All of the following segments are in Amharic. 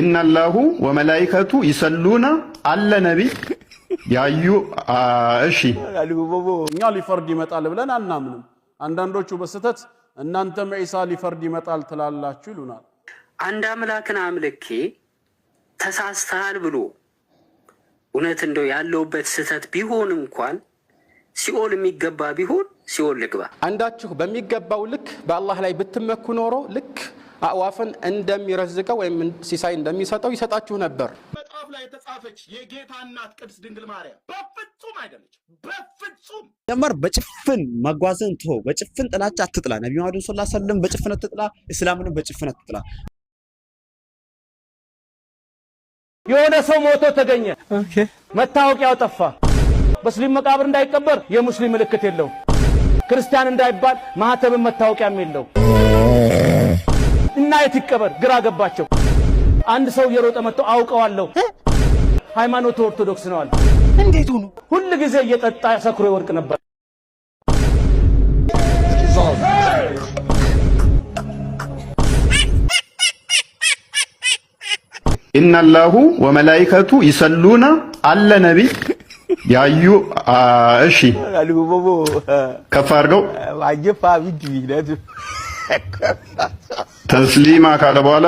ኢናላሁ ወመላይከቱ ይሰሉና አለ ነቢይ ያዩ። እሺ እኛ ሊፈርድ ይመጣል ብለን አናምንም። አንዳንዶቹ በስተት እናንተም ዒሳ ሊፈርድ ይመጣል ትላላችሁ ይሉናል። አንድ አምላክን አምልኬ ተሳስተሃል ብሎ እውነት እንደው ያለውበት ስህተት ቢሆን እንኳን ሲኦል የሚገባ ቢሆን ሲኦል ልግባ። አንዳችሁ በሚገባው ልክ በአላህ ላይ ብትመኩ ኖሮ ልክ አእዋፍን እንደሚረዝቀው ወይም ሲሳይ እንደሚሰጠው ይሰጣችሁ ነበር። መጽሐፍ ላይ የተጻፈች የጌታ እናት ቅድስት ድንግል ማርያም በፍጹም አይደለች። በፍጹም ጀመር በጭፍን መጓዝን ትሆ በጭፍን ጥላቻ አትጥላ። ነቢ መሐመድን ሰለላሁ ሰለም በጭፍን አትጥላ። እስላምንም በጭፍን አትጥላ። የሆነ ሰው ሞቶ ተገኘ፣ መታወቂያው ጠፋ። በሙስሊም መቃብር እንዳይቀበር የሙስሊም ምልክት የለው። ክርስቲያን እንዳይባል ማህተብን መታወቂያም የለው እና የት ይቀበር ግራ ገባቸው። አንድ ሰው እየሮጠ መጥተው አውቀዋለሁ ሃይማኖቱ ኦርቶዶክስ ነው አለ። እንዴት ሆኖ? ሁል ጊዜ እየጠጣ ሰክሮ ይወድቅ ነበር። ኢናላሁ ወመላይከቱ ይሰሉና አለ ነቢይ ያዩ እሺ ከፍ አድርገው ተስሊማ ካለ በኋላ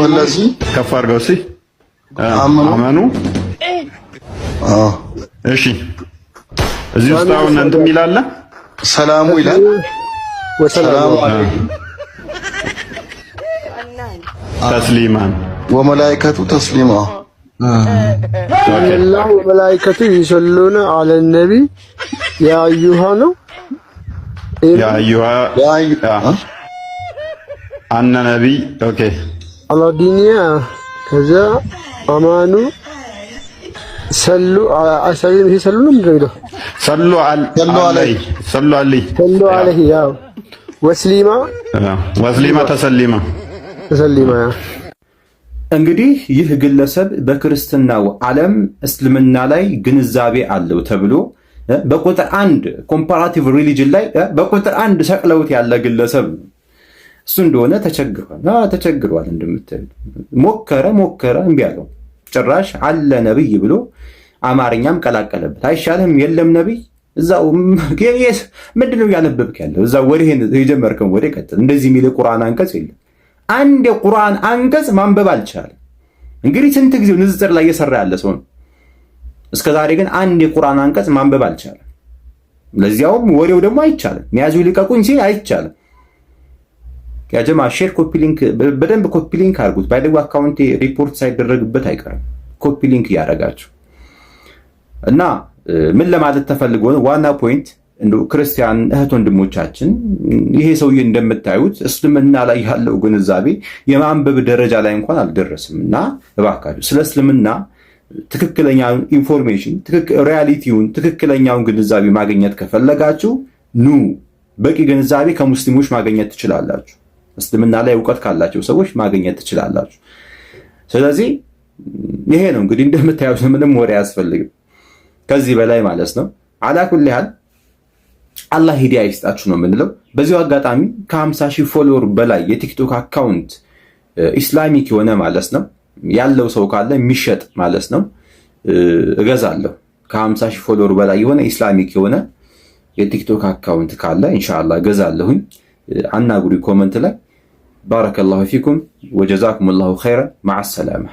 ወለዚ ከፍ አድርገው እስኪ አመኑ። እሺ እዚህ ውስጥ አሁን እንትን ይላል ሰላሙ ይላል ወሰላሙ ተስሊማን ወመላይከቱ ተስሊማ ወመላይከቱ ይሰሉነ አለ ነቢ ያ ነው يا أيها أن نبي أوكي على كذا أمانو ሰሉ አሰሪ ነው ሰሉ ነው እንደሚለው ሰሉ አለ ሰሉ አለ ሰሉ አለ ያው ወስሊማ ወስሊማ ተሰሊማ ተሰሊማ እንግዲህ ይህ ግለሰብ በክርስትናው ዓለም እስልምና ላይ ግንዛቤ አለው ተብሎ በቁጥር አንድ ኮምፓራቲቭ ሪሊጅን ላይ በቁጥር አንድ ሰቅለውት ያለ ግለሰብ እሱ እንደሆነ ተቸግሯል ተቸግሯል እንደምትል ሞከረ ሞከረ እምቢ አለው። ጭራሽ አለ ነብይ ብሎ አማርኛም ቀላቀለበት። አይሻልም የለም ነብይ እዛው ምንድን ነው ያለው እዛ ወደ የጀመርከን ወደ ቀጥል። እንደዚህ የሚል የቁርአን አንቀጽ የለም። አንድ የቁርአን አንቀጽ ማንበብ አልቻለም። እንግዲህ ስንት ጊዜ ንጽጽር ላይ እየሰራ ያለ ሰው ነው። እስከ ዛሬ ግን አንድ የቁርአን አንቀጽ ማንበብ አልቻለም። ለዚያውም ወሬው ደግሞ አይቻልም። ሚያዙ ልቀቁኝ ሲል አይቻልም። ያጀማ ሼር ኮፒ ሊንክ በደንብ ኮፒ ሊንክ አድርጉት። ባይደጉ አካውንት ሪፖርት ሳይደረግበት አይቀርም። ኮፒ ሊንክ እያደረጋችሁ እና ምን ለማለት ተፈልጎ ነው? ዋና ፖይንት ክርስቲያን እህት ወንድሞቻችን፣ ይሄ ሰውዬ እንደምታዩት እስልምና ላይ ያለው ግንዛቤ የማንበብ ደረጃ ላይ እንኳን አልደረስም እና እባካችሁ ስለ እስልምና ትክክለኛ ኢንፎርሜሽን ሪያሊቲውን ትክክለኛውን ግንዛቤ ማግኘት ከፈለጋችሁ ኑ በቂ ግንዛቤ ከሙስሊሞች ማግኘት ትችላላችሁ። እስልምና ላይ እውቀት ካላቸው ሰዎች ማግኘት ትችላላችሁ። ስለዚህ ይሄ ነው እንግዲህ እንደምታዩት ምንም ወሬ አያስፈልግም ከዚህ በላይ ማለት ነው። አላኩል ያህል አላህ ሂዳያ ይስጣችሁ ነው የምንለው። በዚሁ አጋጣሚ ከ50 ሺህ ፎሎወር በላይ የቲክቶክ አካውንት ኢስላሚክ የሆነ ማለት ነው ያለው ሰው ካለ የሚሸጥ ማለት ነው እገዛለሁ። ከሀምሳ ሺህ ፎሎወር በላይ የሆነ ኢስላሚክ የሆነ የቲክቶክ አካውንት ካለ እንሻላ እገዛለሁኝ። አናጉሪ ኮመንት ላይ ባረከላሁ ፊኩም ወጀዛኩም ላሁ ኸይረ ማዓሰላማ።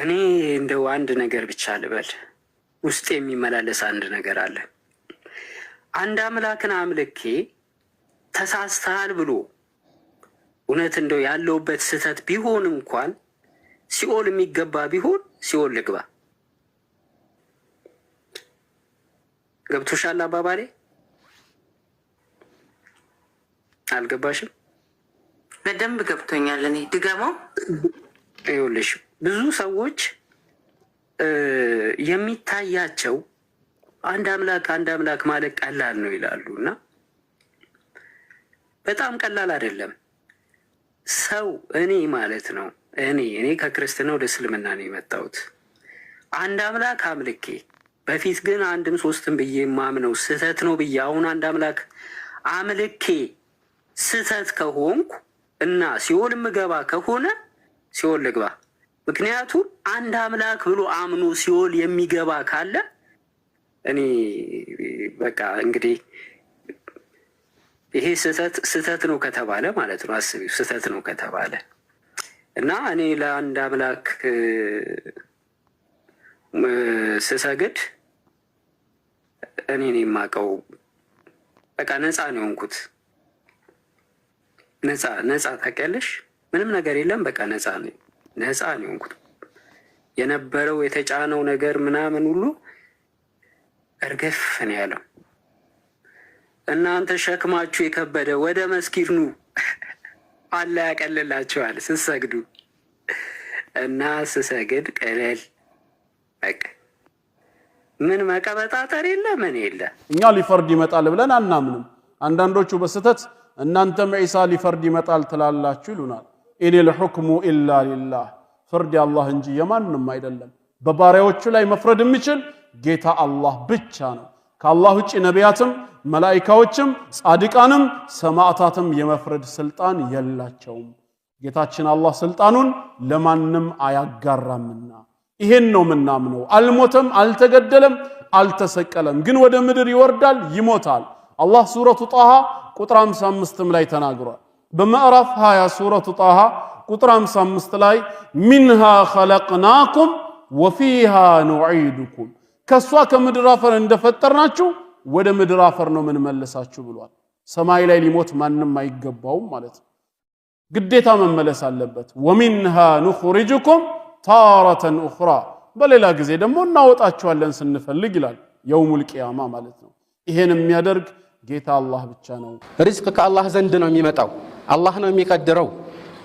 እኔ እንደው አንድ ነገር ብቻ ልበል፣ ውስጥ የሚመላለስ አንድ ነገር አለ። አንድ አምላክን አምልኬ ተሳስተሃል ብሎ እውነት እንደው ያለውበት ስህተት ቢሆን እንኳን ሲኦል የሚገባ ቢሆን ሲኦል ልግባ። ገብቶሻል አባባሌ? አልገባሽም? በደንብ ገብቶኛል። እኔ ድገመው። ይኸውልሽ ብዙ ሰዎች የሚታያቸው አንድ አምላክ አንድ አምላክ ማለት ቀላል ነው ይላሉ እና በጣም ቀላል አይደለም። ሰው እኔ ማለት ነው እኔ እኔ ከክርስትና ወደ እስልምና ነው የመጣሁት። አንድ አምላክ አምልኬ በፊት ግን አንድም ሶስትም ብዬ የማምነው ስህተት ነው ብዬ አሁን አንድ አምላክ አምልኬ ስህተት ከሆንኩ እና ሲኦል ምገባ ከሆነ ሲኦል ልግባ። ምክንያቱም አንድ አምላክ ብሎ አምኖ ሲኦል የሚገባ ካለ እኔ በቃ እንግዲህ ይሄ ስህተት ስህተት ነው ከተባለ ማለት ነው። አስቢው ስህተት ነው ከተባለ እና እኔ ለአንድ አምላክ ስሰግድ እኔ ነው የማውቀው። በቃ ነፃ ነው የሆንኩት። ነፃ ነፃ ታውቂያለሽ፣ ምንም ነገር የለም። በቃ ነፃ ነው ነፃ ነው የሆንኩት። የነበረው የተጫነው ነገር ምናምን ሁሉ እርግፍ ነው ያለው። እናንተ ሸክማችሁ የከበደ ወደ መስጊድ ኑ አላ ያቀልላቸዋል ስትሰግዱ እና ስሰግድ ቅልል በቃ ምን መቀበጣጠር የለ ምን የለ። እኛ ሊፈርድ ይመጣል ብለን አናምንም። አንዳንዶቹ በስተት እናንተም ዒሳ ሊፈርድ ይመጣል ትላላችሁ ይሉናል። ኢኒል ሑክሙ ኢላ ሊላህ፣ ፍርድ የአላህ እንጂ የማንም አይደለም። በባሪያዎቹ ላይ መፍረድ የሚችል ጌታ አላህ ብቻ ነው። ከአላህ ውጭ ነቢያትም መላኢካዎችም ጻድቃንም ሰማዕታትም የመፍረድ ስልጣን የላቸውም። ጌታችን አላህ ስልጣኑን ለማንም አያጋራምና ይሄን ነው ምናምነው። አልሞተም፣ አልተገደለም፣ አልተሰቀለም። ግን ወደ ምድር ይወርዳል፣ ይሞታል። አላህ ሱረቱ ጣሃ ቁጥር 55 ላይ ተናግሯል። በምዕራፍ 20 ሱረቱ ጣሃ ቁጥር 55 ላይ ሚንሃ ኸለቅናኩም ወፊሃ ኑዒዱኩም ከሷ ከምድር አፈር እንደፈጠርናችሁ ወደ ምድር አፈር ነው ምንመለሳችሁ ብሏል። ሰማይ ላይ ሊሞት ማንም አይገባውም ማለት ነው። ግዴታ መመለስ አለበት። ወሚንሃ ኑኽሪጅኩም ታረተን ኡኽራ፣ በሌላ ጊዜ ደግሞ እናወጣችኋለን ስንፈልግ ይላል። የውሙል ቂያማ ማለት ነው። ይሄን የሚያደርግ ጌታ አላህ ብቻ ነው። ሪዝቅ ከአላህ ዘንድ ነው የሚመጣው፣ አላህ ነው የሚቀድረው።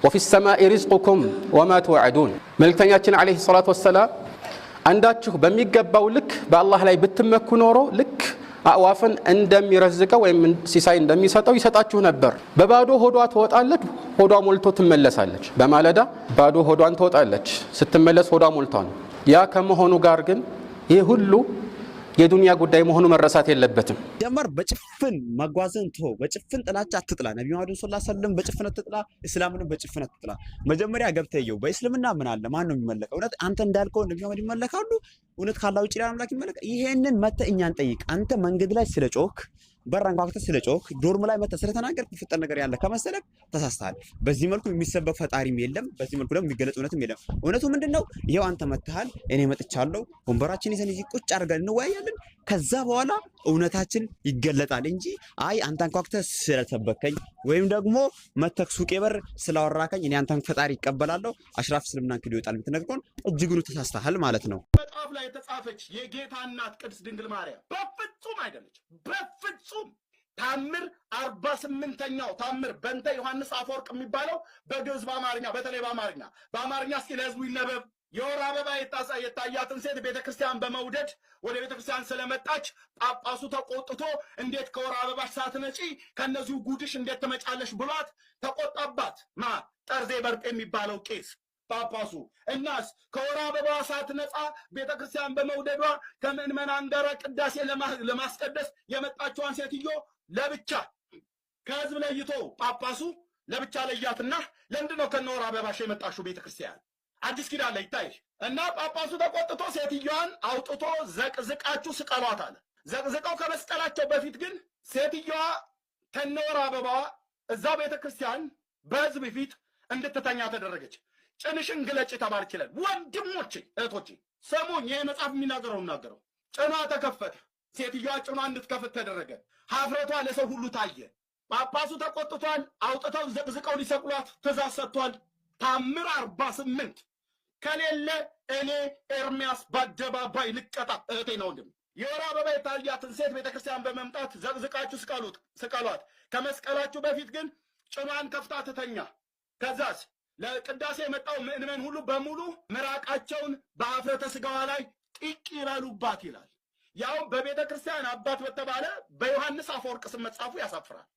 ወፊ ሰማኢ ሪዝቁኩም ወማ ትወዕዱን መልእክተኛችን ዓለይሂ ሰላቱ ወሰላም አንዳችሁ በሚገባው ልክ በአላህ ላይ ብትመኩ ኖሮ ልክ አዕዋፍን እንደሚረዝቀው ወይም ሲሳይ እንደሚሰጠው ይሰጣችሁ ነበር። በባዶ ሆዷ ትወጣለች፣ ሆዷ ሞልቶ ትመለሳለች። በማለዳ ባዶ ሆዷን ትወጣለች፣ ስትመለስ ሆዷ ሞልቷ ነው። ያ ከመሆኑ ጋር ግን ይህ ሁሉ የዱንያ ጉዳይ መሆኑ መረሳት የለበትም። ጀመር በጭፍን መጓዝን ትሆ በጭፍን ጥላቻ አትጥላ። ነቢ መሐመድ ስላ ሰለም በጭፍን አትጥላ፣ እስላምንም በጭፍን አትጥላ። መጀመሪያ ገብተየው በእስልምና ምን አለ? ማን ነው የሚመለከው? እውነት አንተ እንዳልከው ነቢ መሐመድ ይመለካሉ? እውነት ካላ ውጭ ላ አምላክ ይመለካል? ይሄንን መተ እኛን ጠይቅ። አንተ መንገድ ላይ ስለ ጮክ በር አንኳኩተህ ስለ ዶርም ላይ መተህ ስለተናገርክ የሚፈጠር ነገር ያለ ከመሰለህ ተሳስተሃል። በዚህ መልኩ የሚሰበክ ፈጣሪም የለም። በዚህ መልኩ ደግሞ የሚገለጽ እውነትም የለም። እውነቱ ምንድን ነው? ይኸው አንተ መተሃል፣ እኔ መጥቻለሁ። ወንበራችን ይዘን እዚህ ቁጭ አድርገን እንወያያለን። ከዛ በኋላ እውነታችን ይገለጣል እንጂ አይ አንተ አንኳኩተህ ስለሰበከኝ ወይም ደግሞ መተህ ሱቄ በር ስላወራከኝ እኔ አንተን ፈጣሪ ይቀበላለሁ አሽራፍ እስልምናን ክዶ ይወጣል የምትነግረውን እጅግኑ ተሳስተሃል ማለት ነው። መጽሐፍ ላይ የተጻፈች የጌታ እናት ቅድስት ድንግል ማርያም በፍጹም አይደለች በፍጹም ታምር አርባ ስምንተኛው ታምር በእንተ ዮሐንስ አፈወርቅ የሚባለው በግዕዝ በአማርኛ በተለይ በአማርኛ በአማርኛ እስኪ ለህዝቡ ይነበብ። የወር አበባ የታያትን ሴት ቤተክርስቲያን በመውደድ ወደ ቤተክርስቲያን ስለመጣች ጳጳሱ ተቆጥቶ እንዴት ከወር አበባሽ ሳትነጪ ከእነዚሁ ጉድሽ እንዴት ትመጫለሽ ብሏት ተቆጣባት። ማ ጠርዜ በርጤ የሚባለው ቄስ ጳጳሱ። እናስ ከወር አበባ ነፃ ቤተክርስቲያን በመውደዷ ከምዕመናን ጋር ቅዳሴ ለማስቀደስ የመጣችዋን ሴትዮ ለብቻ ከህዝብ ለይቶ ጳጳሱ ለብቻ ለያትና ለምንድን ነው ከነወር አበባሽ የመጣሽው ቤተክርስቲያን? አዲስ ኪዳን ላይ ይታይ እና ጳጳሱ ተቆጥቶ ሴትዮዋን አውጥቶ ዘቅዝቃችሁ ስቀሏት አለ። ዘቅዝቀው ከመስቀላቸው በፊት ግን ሴትዮዋ ከነወር አበባ እዛ ቤተክርስቲያን በህዝብ ፊት እንድትተኛ ተደረገች። ጭንሽን ግለጭ ተባልችለን። ወንድሞቼ እህቶቼ ሰሞን ይህ መጽሐፍ የሚናገረው እናገረው ጭኗ ተከፈተ። ሴትዮዋ ጭኗ እንድትከፍት ተደረገ። ሀፍረቷ ለሰው ሁሉ ታየ። ጳጳሱ ተቆጥቷል። አውጥተው ዘቅዝቀው ሊሰቅሏት ትእዛዝ ሰጥቷል። ታምር አርባ ስምንት ከሌለ እኔ ኤርሚያስ በአደባባይ ልቀጣ። እህቴ ነው ወንድም የወር አበባ የታያትን ሴት ቤተክርስቲያን በመምጣት ዘቅዝቃችሁ ስቀሉት ስቀሏት። ከመስቀላችሁ በፊት ግን ጭኗን ከፍታ ትተኛ። ከዛስ ለቅዳሴ የመጣው ምዕመን ሁሉ በሙሉ ምራቃቸውን በአፍረተ ስጋዋ ላይ ጢቅ ይላሉባት ይላል። ያውም በቤተ ክርስቲያን አባት በተባለ በዮሐንስ አፈወርቅ ስም መጽሐፉ ያሳፍራል።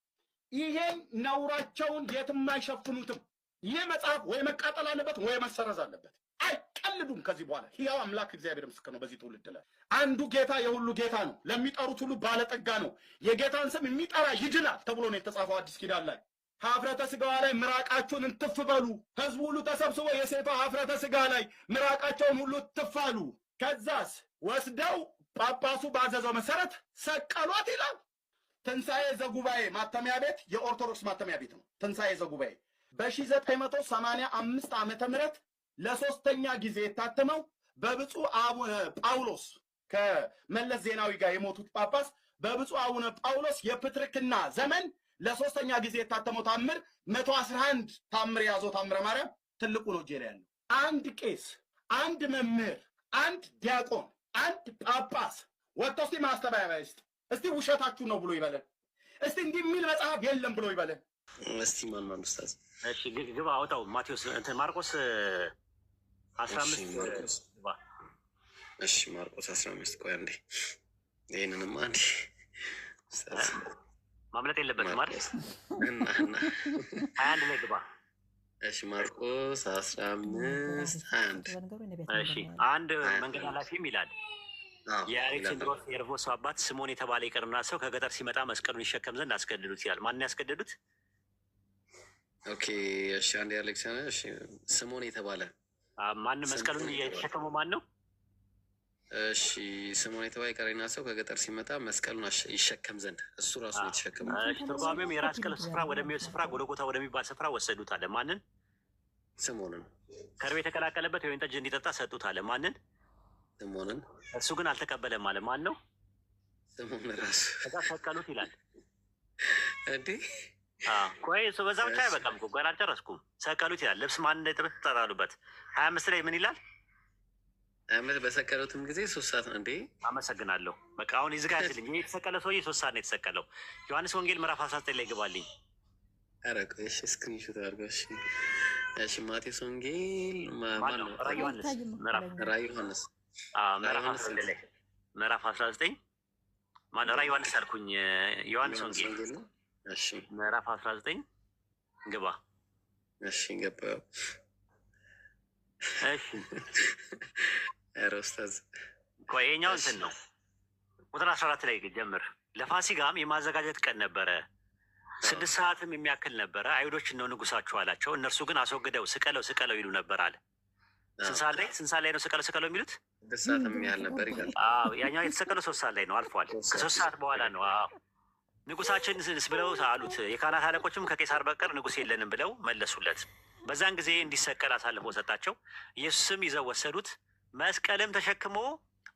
ይሄን ነውራቸውን የትም አይሸፍኑትም። ይህ መጽሐፍ ወይ መቃጠል አለበት ወይ መሰረዝ አለበት። አይቀልዱም። ከዚህ በኋላ ሕያው አምላክ እግዚአብሔር ምስክር ነው። በዚህ ትውልድ ላይ አንዱ ጌታ የሁሉ ጌታ ነው፣ ለሚጠሩት ሁሉ ባለጠጋ ነው፣ የጌታን ስም የሚጠራ ይድናል ተብሎ ነው የተጻፈው አዲስ ኪዳን ላይ ሀፍረተ ስጋዋ ላይ ምራቃችሁን እንትፍ በሉ። ህዝቡ ሁሉ ተሰብስቦ የሴቷ ሀፍረተ ስጋ ላይ ምራቃቸውን ሁሉ ትፋሉ አሉ። ከዛስ ወስደው ጳጳሱ ባዘዘው መሰረት ሰቀሏት ይላል። ትንሣኤ ዘጉባኤ ማተሚያ ቤት የኦርቶዶክስ ማተሚያ ቤት ነው። ትንሣኤ ዘጉባኤ በ1985 ዓመተ ምህረት ለሶስተኛ ጊዜ የታተመው በብፁዕ አቡነ ጳውሎስ ከመለስ ዜናዊ ጋር የሞቱት ጳጳስ በብፁዕ አቡነ ጳውሎስ የፕትርክና ዘመን ለሶስተኛ ጊዜ የታተመው ታምር መቶ አስራ አንድ ታምር የያዘው ታምረ ማርያም ትልቁ ነው እጄ ላይ ያለው። አንድ ቄስ፣ አንድ መምህር፣ አንድ ዲያቆን፣ አንድ ጳጳስ ወጥቶ እስቲ ማስተባበያ ይስጥ እስቲ ውሸታችሁ ነው ብሎ ይበለን። እስቲ እንዲህ የሚል መጽሐፍ የለም ብሎ ይበለን። እስቲ ማን ማን ኡስታዝ? እሺ ግባ አውጣው። ማቴዎስ እንትን ማርቆስ አስራ አምስት እሺ ማርቆስ አስራ አምስት ቆይ አንዴ ይህንንም አንዴ ማምለጥ የለበትም ማለት ሀያ አንድ ላይ ግባ። እሺ ማርቆስ አስራ አምስት ሀያ አንድ እሺ አንድ መንገድ ኃላፊም ይላል የአሌክሳንድሮስ የርፎስ አባት ስሞን የተባለ የቀርምና ሰው ከገጠር ሲመጣ መስቀሉን ይሸከም ዘንድ አስገድዱት ይላል። ማን ያስገድዱት? ኦኬ እሺ አንድ የአሌክሳንድሮስ ስሞን የተባለ ማን መስቀሉን እየተሸከመው ማን ነው? እሺ ስሙን የተባይ ቀሬና ሰው ከገጠር ሲመጣ መስቀሉን ይሸከም ዘንድ እሱ ራሱ ነው የተሸከመ። ትርጓሜውም የራስ ቅል ስፍራ ወደሚሄድ ስፍራ ጎልጎታ ወደሚባል ስፍራ ወሰዱት አለ። ማንን? ስምዖንን። ከርቤ የተቀላቀለበት የወይን ጠጅ እንዲጠጣ ሰጡት አለ። ማንን? ስምዖንን። እሱ ግን አልተቀበለም አለ። ማን ነው? ስምዖን ራሱ። ከዛ ሰቀሉት ይላል እንዴ? ቆይ እሱ በዛ ብቻ አይበቃም። ገና አልጨረስኩም። ሰቀሉት ይላል። ልብስ ማን እንዳይጥበት ትጠራሉበት። ሀያ አምስት ላይ ምን ይላል? ምር በሰቀሉትም ጊዜ ሶስት ሰዓት ነው እንዴ? አመሰግናለሁ። በቃ አሁን ይዝጋችልኝ። ይህ የተሰቀለ ሰውዬ ሶስት ሰዓት ነው የተሰቀለው። ዮሐንስ ወንጌል ምዕራፍ አስራ ዘጠኝ ላይ ግባልኝ። ኧረ ቆይ እሺ፣ ስክሪንሾት አድርገው እሺ። እሺ፣ ማቴዎስ ወንጌል ራ ዮሐንስ ምዕራፍ አስራ ዘጠኝ ራ ዮሐንስ አልኩኝ። ዮሐንስ ወንጌል ምዕራፍ አስራ ዘጠኝ ግባ። እሺ፣ ገባ። እሺ ኧረ ኡስታዝ ቆይ ይኸኛው እንትን ነው ቁጥር አስራ አራት ላይ ጀምር። ለፋሲጋም የማዘጋጀት ቀን ነበረ፣ ስድስት ሰዓትም የሚያክል ነበረ። አይሁዶች እነሆ ንጉሳችሁ አላቸው። እነርሱ ግን አስወግደው ስቀለው ስቀለው ይሉ ነበር አለ። ስንት ሰዓት ላይ ስንት ሰዓት ላይ ነው ስቀለው ስቀለው የሚሉት? ስድስት ሰዓት የሚያህል ነበር ይላል። ያኛው የተሰቀለው ሶስት ሰዓት ላይ ነው፣ አልፏል። ከሶስት ሰዓት በኋላ ነው። አዎ ንጉሳችን ብለው አሉት። የካህናት አለቆችም ከቄሳር በቀር ንጉስ የለንም ብለው መለሱለት። በዛን ጊዜ እንዲሰቀል አሳልፎ ሰጣቸው። ኢየሱስም ይዘው ወሰዱት። መስቀልም ተሸክሞ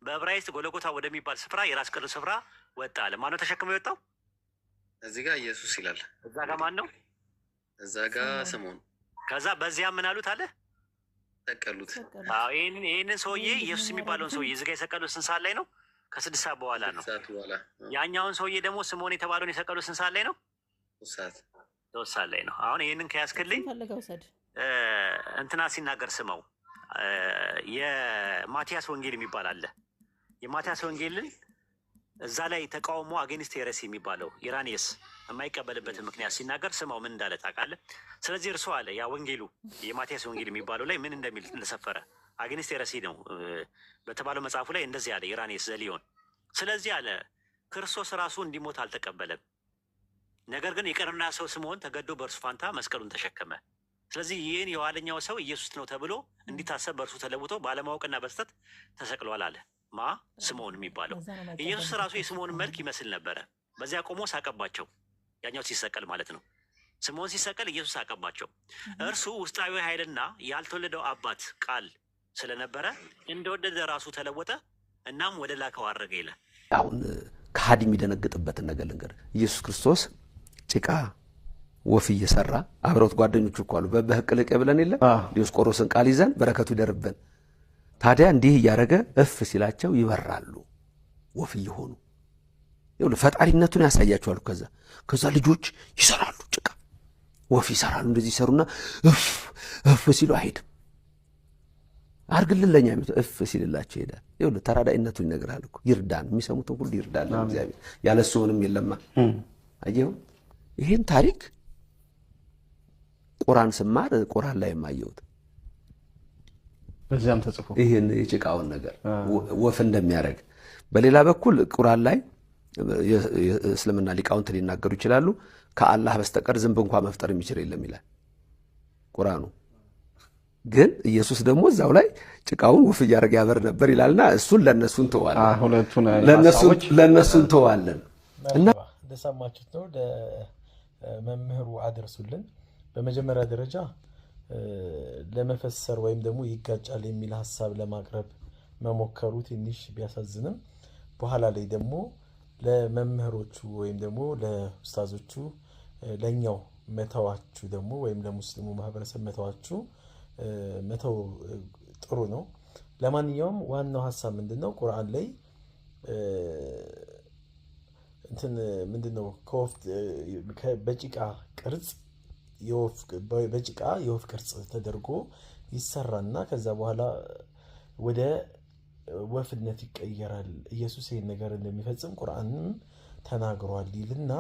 በዕብራይስጥ ጎለጎታ ወደሚባል ስፍራ የራስ ቅል ስፍራ ወጣ አለ። ማነው ተሸክሞ የወጣው? እዚህ ጋር ኢየሱስ ይላል። እዛ ጋር ማን ነው? እዛ ጋር ስምዖን። ከዛ በዚያ ምን አሉት አለ? ሰቀሉት። ይህንን ሰውዬ ኢየሱስ የሚባለውን ሰውዬ እዚህ ጋር የሰቀሉት ስንት ሰዓት ላይ ነው? ከስድስት ሰዓት በኋላ ነው። ያኛውን ሰውዬ ደግሞ ስምዖን የተባለውን የሰቀሉት ስንት ሰዓት ላይ ነው? ሶስት ሰዓት ላይ ነው። አሁን ይህንን ከያዝክልኝ እንትና ሲናገር ስመው የማቲያስ ወንጌል የሚባል አለ። የማቲያስ ወንጌልን እዛ ላይ ተቃውሞ አገኒስት ሄረስ የሚባለው ኢራኔስ የማይቀበልበትን ምክንያት ሲናገር ስማው ምን እንዳለ ታውቃለህ? ስለዚህ እርሶ አለ ያ ወንጌሉ የማቲያስ ወንጌል የሚባለው ላይ ምን እንደሚል እንደሰፈረ አገኒስት ሄረሲ ነው በተባለው መጽሐፉ ላይ እንደዚህ አለ ኢራኔስ ዘሊዮን። ስለዚህ አለ ክርስቶስ ራሱ እንዲሞት አልተቀበለም። ነገር ግን የቀርና ሰው ስምዖን ተገዶ በእርሱ ፋንታ መስቀሉን ተሸከመ። ስለዚህ ይህን የኋለኛው ሰው ኢየሱስ ነው ተብሎ እንዲታሰብ በእርሱ ተለውጦ ባለማወቅና በስተት ተሰቅሏል አለ። ማ ስምዖን የሚባለው ኢየሱስ ራሱ የስምዖን መልክ ይመስል ነበረ። በዚያ ቆሞ ሳቀባቸው። ያኛው ሲሰቀል ማለት ነው። ስምዖን ሲሰቀል ኢየሱስ ሳቀባቸው። እርሱ ውስጣዊ ኃይልና ያልተወለደው አባት ቃል ስለነበረ እንደወደደ ራሱ ተለወጠ፣ እናም ወደ ላከው አረገ ይለ አሁን ከሀዲ የሚደነግጥበትን ነገር ልንገር ኢየሱስ ክርስቶስ ጭቃ ወፍ እየሰራ አብረውት ጓደኞቹ እኮ አሉ። በበህቅ ልቅ ብለን የለ ዲዮስቆሮስን ቃል ይዘን በረከቱ ይደርብን። ታዲያ እንዲህ እያደረገ እፍ ሲላቸው ይበራሉ ወፍ እየሆኑ ፈጣሪነቱን ያሳያቸዋል። ከዛ ከዛ ልጆች ይሰራሉ፣ ጭቃ ወፍ ይሰራሉ። እንደዚህ ይሰሩና እፍ እፍ ሲሉ አይሄድም አርግልን ለኛ እፍ ሲልላቸው ይሄዳል። ተራዳይነቱን ይነግራል እኮ ይርዳን፣ የሚሰሙትን ሁሉ ይርዳል እግዚአብሔር። ምንም የለማ። አየኸው ይህን ታሪክ ቁራን ስማር ቁራን ላይ የማየሁት በዚያም ተጽፎ ይህን የጭቃውን ነገር ወፍ እንደሚያደርግ በሌላ በኩል ቁራን ላይ የእስልምና ሊቃውንት ሊናገሩ ይችላሉ። ከአላህ በስተቀር ዝንብ እንኳ መፍጠር የሚችል የለም ይላል ቁራኑ። ግን ኢየሱስ ደግሞ እዛው ላይ ጭቃውን ወፍ እያደረገ ያበር ነበር ይላልና እሱን ለእነሱ እንተዋለን እና እንደሰማችሁት ነው። መምህሩ አደርሱልን። በመጀመሪያ ደረጃ ለመፈሰር ወይም ደግሞ ይጋጫል የሚል ሀሳብ ለማቅረብ መሞከሩ ትንሽ ቢያሳዝንም በኋላ ላይ ደግሞ ለመምህሮቹ ወይም ደግሞ ለኡስታዞቹ ለእኛው መተዋችሁ ደግሞ ወይም ለሙስሊሙ ማህበረሰብ መተዋችሁ መተው ጥሩ ነው። ለማንኛውም ዋናው ሀሳብ ምንድን ነው? ቁርአን ላይ እንትን ምንድን ነው በጭቃ ቅርጽ በጭቃ የወፍ ቅርጽ ተደርጎ ይሰራና ከዛ በኋላ ወደ ወፍነት ይቀየራል። ኢየሱስ ይህን ነገር እንደሚፈጽም ቁርአንም ተናግሯል ይልና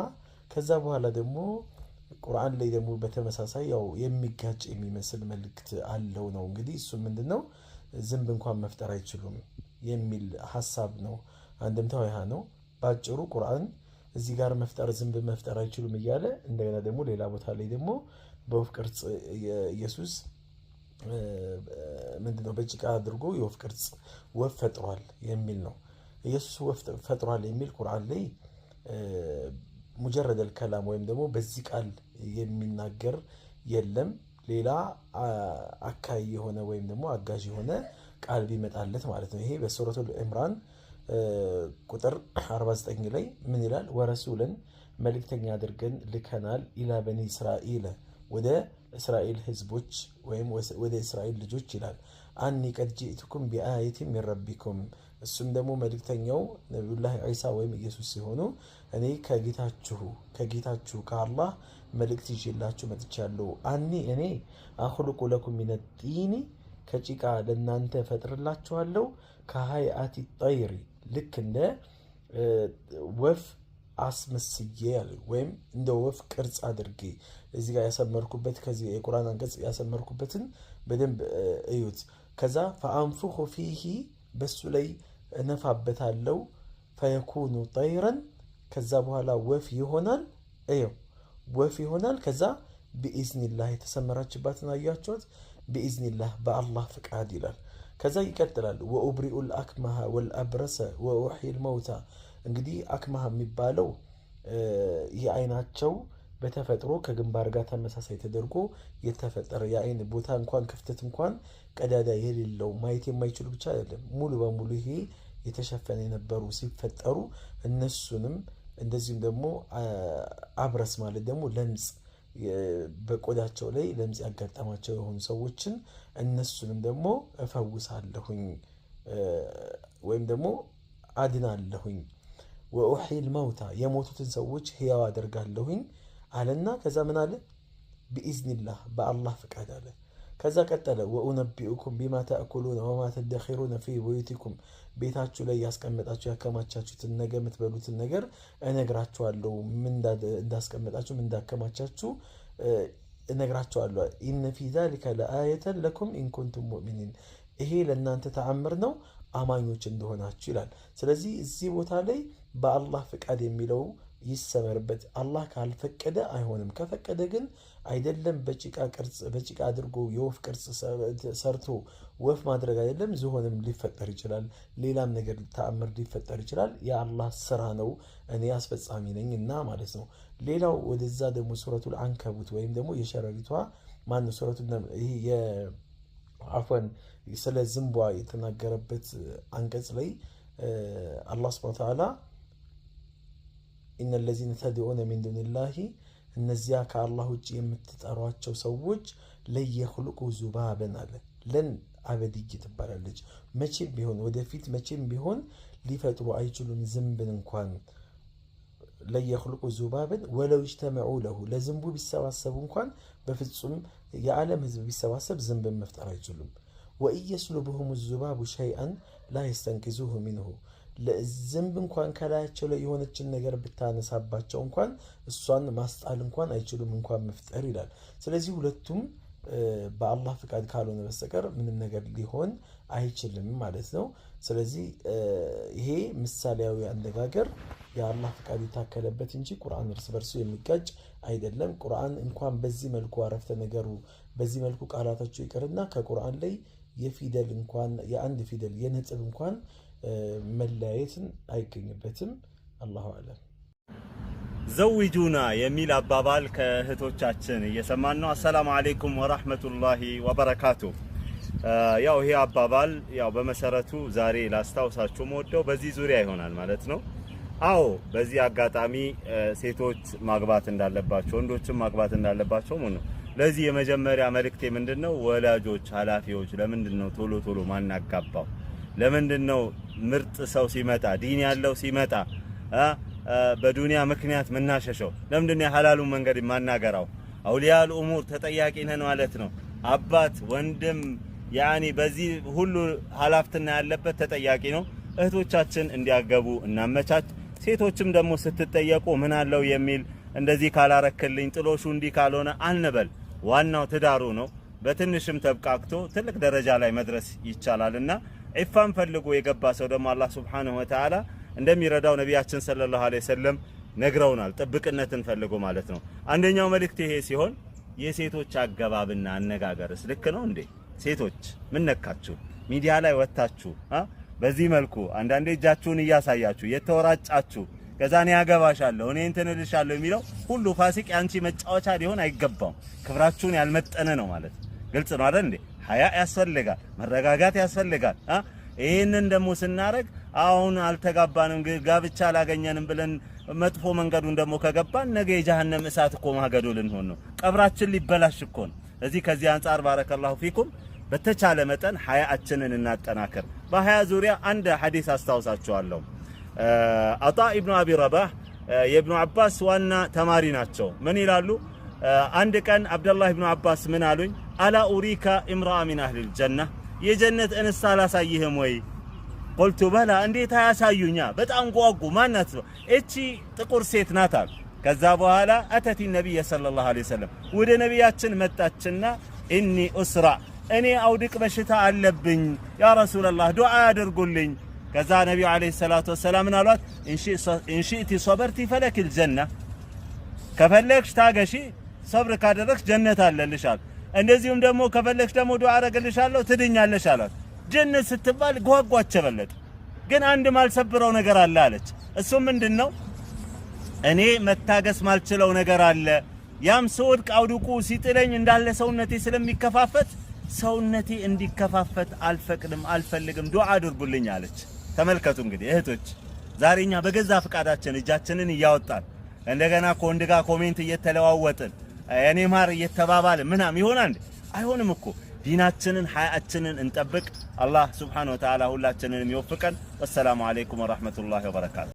ከዛ በኋላ ደግሞ ቁርአን ላይ ደግሞ በተመሳሳይ ያው የሚጋጭ የሚመስል መልእክት አለው ነው እንግዲህ እሱ ምንድን ነው ዝንብ እንኳን መፍጠር አይችሉም የሚል ሀሳብ ነው። አንድምታው ይህ ነው በአጭሩ ቁርአን እዚህ ጋር መፍጠር ዝንብ መፍጠር አይችሉም እያለ እንደገና ደግሞ ሌላ ቦታ ላይ ደግሞ በወፍ ቅርጽ ኢየሱስ ምንድነው በጭቃ አድርጎ የወፍ ቅርጽ ወፍ ፈጥሯል የሚል ነው። ኢየሱስ ወፍ ፈጥሯል የሚል ቁርአን ላይ ሙጀረደል ከላም ወይም ደግሞ በዚህ ቃል የሚናገር የለም። ሌላ አካይ የሆነ ወይም ደግሞ አጋዥ የሆነ ቃል ቢመጣለት ማለት ነው። ይሄ በሱረቱል ኢምራን ቁጥር 49 ላይ ምን ይላል? ወረሱልን መልእክተኛ አድርገን ልከናል። ኢላ በኒ እስራኤል ወደ እስራኤል ህዝቦች ወይም ወደ እስራኤል ልጆች ይላል። አኒ ቀድ ጅእትኩም ቢአየት ሚን ረቢኩም እሱም ደግሞ መልእክተኛው ነቢዩላህ ዒሳ ወይም ኢየሱስ ሲሆኑ እኔ ከጌታችሁ ከጌታችሁ ከአላህ መልእክት ይዤላችሁ መጥቻለሁ። አኒ እኔ አኽሉቁ ለኩም ሚነ ጢኒ ከጭቃ ለእናንተ ፈጥርላችኋለሁ ከሀይአት ጠይሪ ልክ እንደ ወፍ አስመስዬ ያለ ወይም እንደ ወፍ ቅርጽ አድርጌ እዚህ ጋር ያሰመርኩበት ከዚህ የቁርአን አንቀጽ ያሰመርኩበትን በደንብ እዩት። ከዛ ፈአንፉሁ ፊሂ በሱ ላይ እነፋበታለው ፈየኩኑ ጠይረን ከዛ በኋላ ወፍ ይሆናል። እየው ወፍ ይሆናል። ከዛ ቢኢዝኒላህ የተሰመራችባትን አያችሁት? ቢኢዝኒላህ በአላህ ፍቃድ ይላል። ከዛ ይቀጥላል። ወኡብሪኡ ልአክመሃ ወልአብረሰ ወኡሒል ልመውታ። እንግዲህ አክመሃ የሚባለው አይናቸው በተፈጥሮ ከግንባር ጋር ተመሳሳይ ተደርጎ የተፈጠረ የአይን ቦታ እንኳን ክፍተት እንኳን ቀዳዳ የሌለው ማየት የማይችሉ ብቻ አይደለም፣ ሙሉ በሙሉ ይሄ የተሸፈነ የነበሩ ሲፈጠሩ እነሱንም እንደዚሁም ደግሞ አብረስ ማለት ደግሞ ለምጽ በቆዳቸው ላይ ለምጽ ያጋጠማቸው የሆኑ ሰዎችን እነሱንም ደግሞ እፈውሳለሁኝ ወይም ደግሞ አድናለሁኝ። ወኡሒል መውታ የሞቱትን ሰዎች ህያው አደርጋለሁኝ አለና ከዛ ምን አለ? ቢኢዝኒላህ በአላህ ፍቃድ አለ። ከዛ ቀጠለ ወኡነቢኡኩም ቢማ ተእኩሉነ ወማ ተደኺሩነ ፊ ቦዩቲኩም ቤታችሁ ላይ ያስቀመጣችሁ ያከማቻችሁትን ነገ የምትበሉትን ነገር እነግራችኋለሁ። ምን እንዳስቀመጣችሁ ምን እንዳከማቻችሁ እነግራችኋለሁ። ኢነ ፊ ዛሊከ ለአየተን ለኩም ኢንኩንቱም ሙእሚኒን ይሄ ለእናንተ ተአምር ነው አማኞች እንደሆናችሁ ይላል። ስለዚህ እዚህ ቦታ ላይ በአላህ ፍቃድ የሚለው ይሰመርበት። አላህ ካልፈቀደ አይሆንም፣ ከፈቀደ ግን አይደለም በጭቃ ቅርጽ በጭቃ አድርጎ የወፍ ቅርጽ ሰርቶ ወፍ ማድረግ አይደለም ዝሆንም ሊፈጠር ይችላል። ሌላም ነገር ተአምር ሊፈጠር ይችላል። የአላህ ስራ ነው። እኔ አስፈጻሚ ነኝ እና ማለት ነው። ሌላው ወደዛ ደግሞ ሱረቱል አንከቡት ወይም ደግሞ የሸረሪቷ ማነው ሱረቱ አፈን ስለ ዝንቧ የተናገረበት አንቀጽ ላይ አላህ ስብሃነ ወተዓላ ኢነ ለዚነ ተድዑነ ሚን ዱኒላሂ እነዚያ ከአላህ ውጭ የምትጠሯቸው ሰዎች ለየክልቁ ዙባብን አለ ለን አበድይ ትባላለች። መቼም ቢሆን ወደፊት መቼም ቢሆን ሊፈጥሩ አይችሉም ዝንብን እንኳን ለየክልቁ ዙባብን ወለው እጅተመዑ ለሁ ለዝንቡ ቢሰባሰቡ እንኳን በፍጹም የዓለም ህዝብ ቢሰባሰብ ዝንብን መፍጠር አይችሉም። ወኢየስሉብሁም ዙባቡ ሸይአን ላ የስተንቅዙሁ ሚንሁ ዝንብ እንኳን ከላያቸው ላይ የሆነችን ነገር ብታነሳባቸው እንኳን እሷን ማስጣል እንኳን አይችሉም፣ እንኳን መፍጠር ይላል። ስለዚህ ሁለቱም በአላህ ፍቃድ ካልሆነ በስተቀር ምንም ነገር ሊሆን አይችልም ማለት ነው። ስለዚህ ይሄ ምሳሌያዊ አነጋገር የአላህ ፍቃድ የታከለበት እንጂ ቁርአን እርስ በርሱ የሚጋጭ አይደለም። ቁርአን እንኳን በዚህ መልኩ አረፍተ ነገሩ በዚህ መልኩ ቃላታቸው ይቅርና ከቁርአን ላይ የፊደል እንኳን የአንድ ፊደል የነጥብ እንኳን መለያየትን አይገኝበትም። አላሁ አለም። ዘዊጁና የሚል አባባል ከእህቶቻችን እየሰማን ነው። አሰላሙ አሌይኩም ወራህመቱላሂ ወበረካቱ። ያው ይሄ አባባል ያው በመሰረቱ ዛሬ ላስታውሳችሁ መወደው በዚህ ዙሪያ ይሆናል ማለት ነው። አዎ በዚህ አጋጣሚ ሴቶች ማግባት እንዳለባቸው ወንዶችም ማግባት እንዳለባቸው ነው። ለዚህ የመጀመሪያ መልእክቴ ነው? ወላጆች ኃላፊዎች ለምንድን ነው ቶሎ ቶሎ ማናጋባው? ለምንድን ነው ምርጥ ሰው ሲመጣ ዲን ያለው ሲመጣ በዱንያ ምክንያት ምናሸሸው ለምንድን የሐላሉን መንገድ ማናገራው? አውሊያል ልኡሙር ተጠያቂ ነን ማለት ነው። አባት ወንድም፣ ያኒ በዚህ ሁሉ ሀላፍትና ያለበት ተጠያቂ ነው። እህቶቻችን እንዲያገቡ እናመቻች። ሴቶችም ደግሞ ስትጠየቁ ምን አለው የሚል እንደዚህ ካላረክልኝ ጥሎሹ እንዲህ ካልሆነ አንበል። ዋናው ትዳሩ ነው። በትንሽም ተብቃቅቶ ትልቅ ደረጃ ላይ መድረስ ይቻላልና ዒፋን ፈልጎ የገባ ሰው ደግሞ አላህ ሱብሓነሁ ወተዓላ እንደሚረዳው ነቢያችን ሰለላሁ ዐለይሂ ወሰለም ነግረውናል። ጥብቅነትን ፈልጎ ማለት ነው። አንደኛው መልእክት ይሄ ሲሆን የሴቶች አገባብና አነጋገርስ ልክ ነው እንዴ? ሴቶች ምን ነካችሁ? ሚዲያ ላይ ወጥታችሁ በዚህ መልኩ አንዳንዴ እጃችሁን እያሳያችሁ የተወራጫችሁ ከዛ እኔ ያገባሻለሁ እኔ እንትን እልሻለሁ የሚለው ሁሉ ፋሲቅ የአንቺ መጫወቻ ሊሆን አይገባም። ክብራችሁን ያልመጠነ ነው ማለት ግልጽ ነው አይደል እንዴ? ሀያ ያስፈልጋል፣ መረጋጋት ያስፈልጋል። ይህንን ደግሞ ስናደርግ አሁን አልተጋባንም፣ ጋብቻ አላገኘንም ብለን መጥፎ መንገዱን ደግሞ ከገባን ነገ የጀሀነም እሳት እኮ ማገዶ ልንሆን ነው። ቀብራችን ሊበላሽ እኮ ነው። እዚህ ከዚህ አንጻር ባረከላሁ ፊኩም በተቻለ መጠን ሀያአችንን እናጠናክር። በሀያ ዙሪያ አንድ ሐዲስ አስታውሳቸዋለሁ። አጣ ኢብኑ አቢ ረባህ የኢብኑ አባስ ዋና ተማሪ ናቸው። ምን ይላሉ? አንድ ቀን አብደላህ ኢብኑ አባስ ምን አሉኝ አላ ኡሪካ እምራአ ሚን አህሊል ጀና የጀነት እንስት አላሳይህም ወይ? ቁልቱ በላ እንዴት አያሳዩኛ በጣም ጓጉ። ማናት እቺ ጥቁር ሴት ናት አሉ። ከዛ በኋላ አተቲ ነቢይ ሰለላሁ ዐለይሂ ወሰለም ወደ ነቢያችን መጣችና እኒ ኡስራ እኔ አውድቅ በሽታ አለብኝ ያ ረሱላላህ ዱዓ አድርጉልኝ። ከዛ ነቢዩ ዐለይሂ ሰላቱ ወሰላም ምን አሏት? እንሺእቲ ሶበርቲ ፈለኪል ጀና ከፈለግሽ ታገሺ፣ ሰብር ካደረግሽ ጀነት አለልሻል። እንደዚሁም ደግሞ ከፈለግሽ ደግሞ ዱዓ አረግልሻለሁ ትድኛለሽ አላት። ጀነት ስትባል ጓጓች በለጥ ግን አንድ ማልሰብረው ነገር አለ አለች። እሱ ምንድን ነው? እኔ መታገስ ማልችለው ነገር አለ። ያም ስወድቅ አውድቁ ሲጥለኝ እንዳለ ሰውነቴ ስለሚከፋፈት ሰውነቴ እንዲከፋፈት አልፈቅድም፣ አልፈልግም፣ ዱዓ አድርጉልኝ አለች። ተመልከቱ እንግዲህ እህቶች፣ ዛሬ እኛ በገዛ ፍቃዳችን እጃችንን እያወጣን እንደገና ከወንድ ጋር ኮሜንት እየተለዋወጥን እኔ ማር እየተባባለ ምናም ይሆናል እንዴ? አይሆንም እኮ ዲናችንን ሀያችንን እንጠብቅ። አላህ ስብሓነሁ ወተዓላ ሁላችንንም ይወፍቀን። ወሰላሙ አለይኩም ወራህመቱላሂ ወበረካቱ።